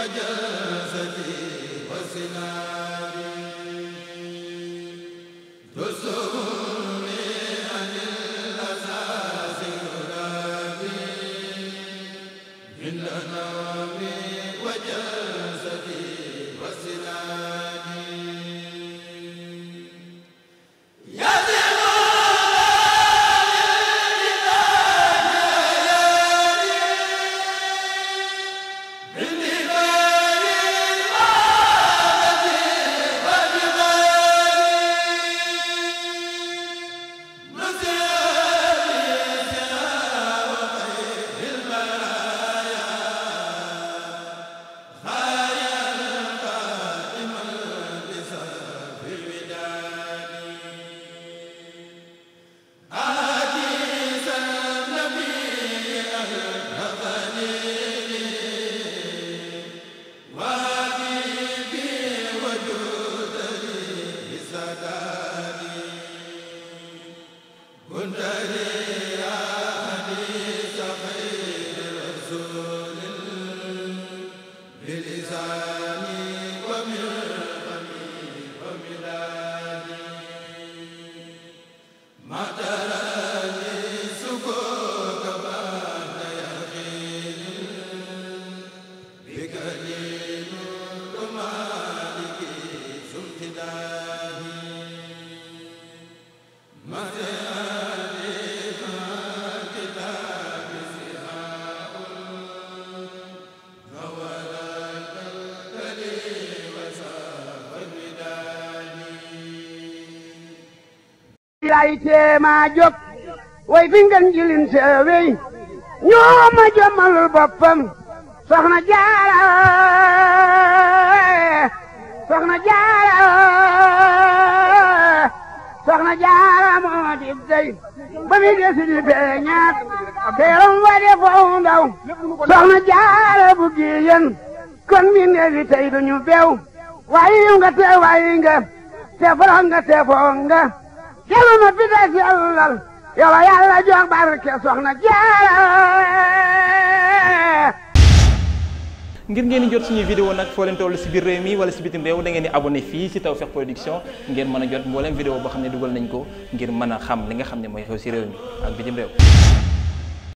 وجازتي وسلام ay teema jóg way fi ngeen jilin seewey ñoo ma jommalul boppam soxna jaara soxna jaara soxna jaara moo di dey ba mi desi di beeñaat teeram wa de foofu soxna jaara bu giyen kon mi neefi tey duñu bew waayi nga te waayi te foro nga te foo telu ma fi des yàllal yow yàlla jox barke soxna jaara ngir ngeen di jot suñuy vidéo nag foo leen si biir réew mi wala si bitim réew da ngeen di abonné fii si taw Tawfekh Production ngeen mën jot mbooleem vidéo boo xam ne dugal nañ ko ngir mën xam li nga xam ne mooy xew si réew mi ak bitim réew